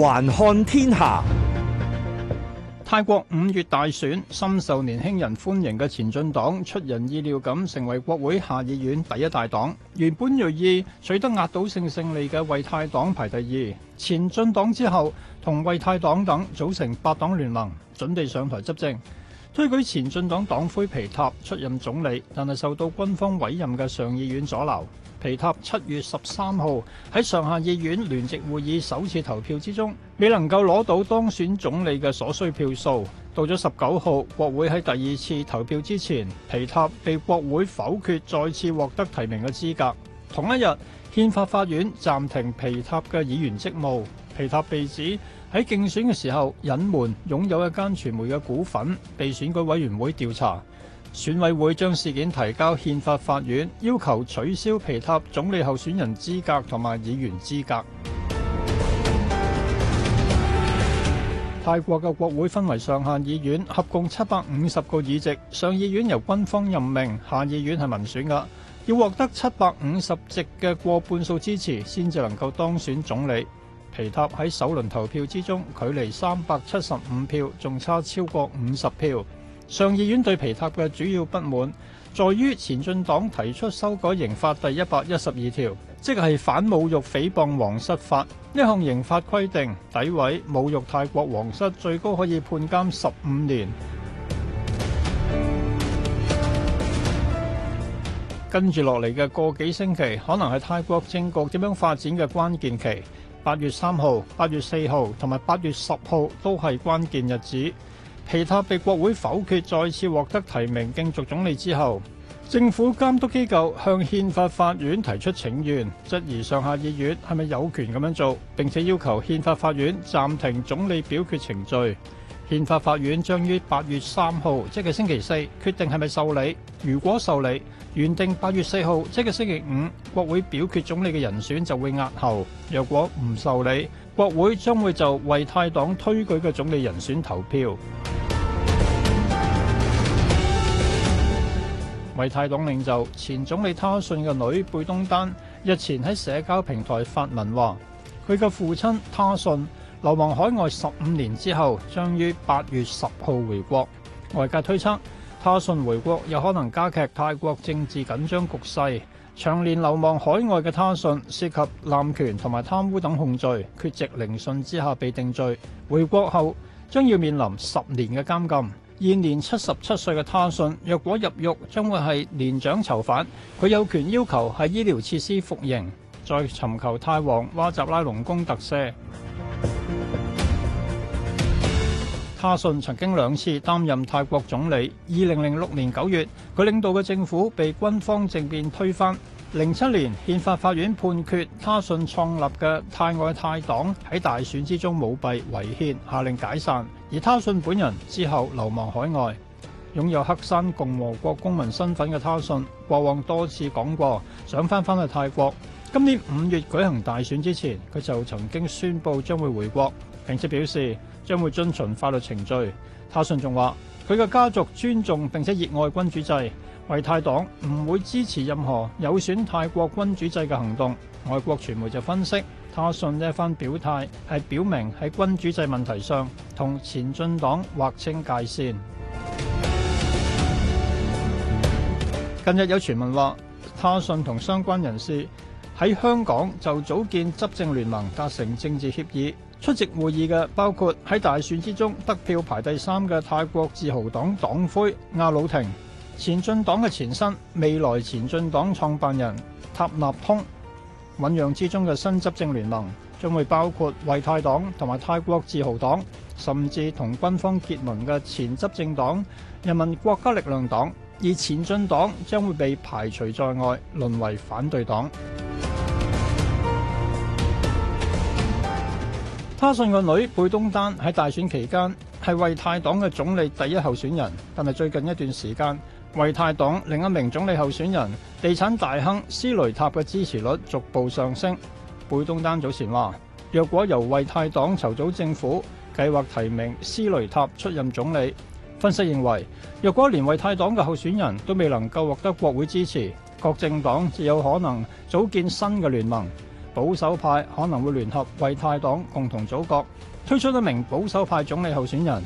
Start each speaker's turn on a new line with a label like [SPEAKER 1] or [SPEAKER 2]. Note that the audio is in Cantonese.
[SPEAKER 1] 環看天下，泰國五月大選，深受年輕人歡迎嘅前進黨出人意料咁成為國會下議院第一大黨。原本銳意取得壓倒性勝利嘅維泰黨排第二。前進黨之後同維泰黨等組成八黨聯盟，準備上台執政，推舉前進黨黨魁皮塔出任總理，但係受到軍方委任嘅上議院阻撓。皮塔七月十三號喺上下議院聯席會議首次投票之中，未能夠攞到當選總理嘅所需票數。到咗十九號，國會喺第二次投票之前，皮塔被國會否決，再次獲得提名嘅資格。同一日，憲法法院暫停皮塔嘅議員職務。皮塔被指喺競選嘅時候隱瞞擁有一間傳媒嘅股份，被選舉委員會調查。選委會將事件提交憲法法院，要求取消皮塔總理候選人資格同埋議員資格。泰國嘅國會分為上下議院，合共七百五十個議席。上議院由軍方任命，下議院係民選噶。要獲得七百五十席嘅過半數支持，先至能夠當選總理。皮塔喺首輪投票之中，距離三百七十五票，仲差超過五十票。上議院對皮塔嘅主要不滿，在於前進黨提出修改刑法第一百一十二條，即係反侮辱、誹謗皇室法。呢項刑法規定，詆毀侮辱泰國皇室，最高可以判監十五年。跟住落嚟嘅個幾星期，可能係泰國政局點樣發展嘅關鍵期。八月三號、八月四號同埋八月十號都係關鍵日子。皮塔被國會否決再次獲得提名競逐總理之後，政府監督機構向憲法法院提出請願，質疑上下議院係咪有權咁樣做，並且要求憲法法院暫停總理表決程序。憲法法院將於8月3號即係星期四決定係咪受理，如果受理，原定8月4號即係星期五國會表決總理嘅人選就會押後，若果唔受理，國會將會就為泰黨推舉嘅總理人選投票。為泰黨領袖前總理他信嘅女貝東丹日前喺社交平台發文話，佢嘅父親他信流亡海外十五年之後，將於八月十號回國。外界推測，他信回國有可能加劇泰國政治緊張局勢。長年流亡海外嘅他信涉及濫權同埋貪污等控罪，缺席聆訊之下被定罪，回國後將要面臨十年嘅監禁。現年七十七歲嘅他信，若果入獄將會係年長囚犯，佢有權要求係醫療設施服刑，再尋求泰皇哇集拉隆功特赦。他信曾經兩次擔任泰國總理，二零零六年九月，佢領導嘅政府被軍方政變推翻。零七年，憲法法院判決他信創立嘅泰愛泰黨喺大選之中舞弊違憲，下令解散。而他信本人之後流亡海外。擁有黑山共和國公民身份嘅他信，過往多次講過想翻返去泰國。今年五月舉行大選之前，佢就曾經宣布將會回國，並且表示將會遵循法律程序。他信仲話：佢嘅家族尊重並且熱愛君主制。為泰黨唔會支持任何有損泰國君主制嘅行動。外國傳媒就分析，他信呢一番表態係表明喺君主制問題上同前進黨劃清界線。近日有傳聞話，他信同相關人士喺香港就組建執政聯盟，達成政治協議。出席會議嘅包括喺大選之中得票排第三嘅泰國自豪黨黨魁阿努廷。前進黨嘅前身未來前進黨創辦人塔納通，醖釀之中嘅新執政聯盟將會包括為泰黨同埋泰國自豪黨，甚至同軍方結盟嘅前執政黨人民國家力量黨，而前進黨將會被排除在外，淪為反對黨。他信個女貝東丹喺大選期間係為泰黨嘅總理第一候選人，但係最近一段時間，為泰黨另一名總理候選人、地產大亨斯雷塔嘅支持率逐步上升。貝東丹早前話，若果由為泰黨籌組政府，計劃提名斯雷塔出任總理。分析認為，若果連為泰黨嘅候選人都未能夠獲得國會支持，各政黨就有可能組建新嘅聯盟。保守派可能會聯合為泰黨共同組閣，推出一名保守派總理候選人。